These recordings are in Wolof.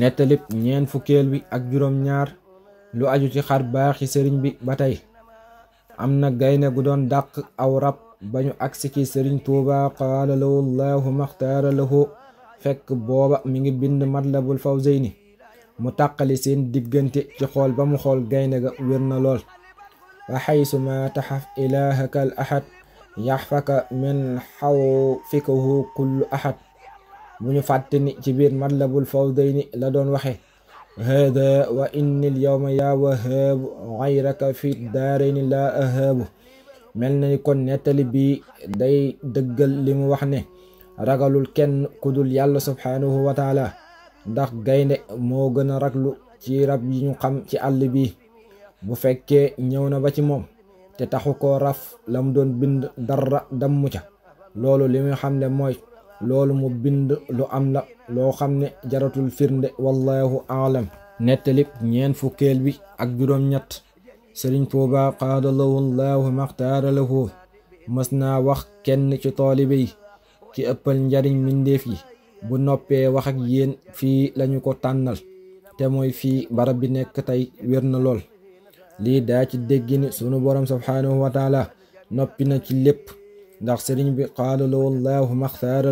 nettalib ñeen fukkeel bi ak juróom ñaar lu aju ci xar baax yi sëriñ bi ba tey am na gaynde gu doon dàq aw rab ba ñu agsi ci sëriñ tuuba qaala lahu llahu maxtaara lahu fekk booba mi ngi bind matlabul fawzeyni mu tàqali seen diggante ci xool ba mu xool gaynde ga wér na lool wa xaysu ma taxaf ilaahaka al ahad yaxfaka min xawfikahu kullu ahad bu ñu fàtte ni ci biir matlabul fawdayni la doon waxe hada wa inni al yaa wahaabu gayraka fi daarayni laa ahaabu mel na ni kon nettali bi day dëggal li mu wax ne ragalul kenn kudul yàlla subhaanahu wa taala ndax gaynde moo gën a raglu ci rab yi ñu xam ci àll bi bu fekkee ñëw na ba ci moom te taxu ko raf lam doon bind dara dammu loolu li muy xamle mooy loolu mu bind lu am la loo xam ne jaratul firnde wallahu aalam nettalib ñeen fukkeel bi ak juróom-ñett sëriñ Tuubaa qaada lahu llaahu mës naa wax kenn ci toolibe yi ci ëppal njariñ mindeef yi bu noppee wax ak yéen fii lañu ko tànnal te mooy fii barab bi nekk tey wér na lool lii daa ci dégg ni sunu borom subhaanahu wa noppi na ci lépp ndax sëriñ bi qaala lahu llaahu maxtaara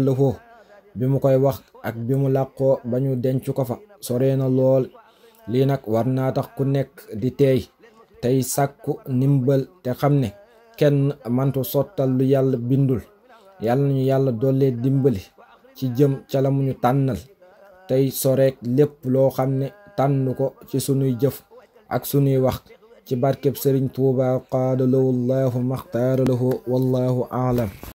bi mu koy wax ak bi mu làqoo ba ñu denc ko fa soree na lool lii nag war naa tax ku nekk di teey tey sàkku ndimbal te xam ne kenn mantu sottal lu yàlla bindul yàlla nañu yàlla dollee dimbali ci jëm ca la mu ñu tànnal tey soreek lépp loo xam ne tànn ko ci sunuy jëf ak sunuy wax ci barkeb sëriñ tuuba qaada lahu llahu maxtaara lahu wallahu aalam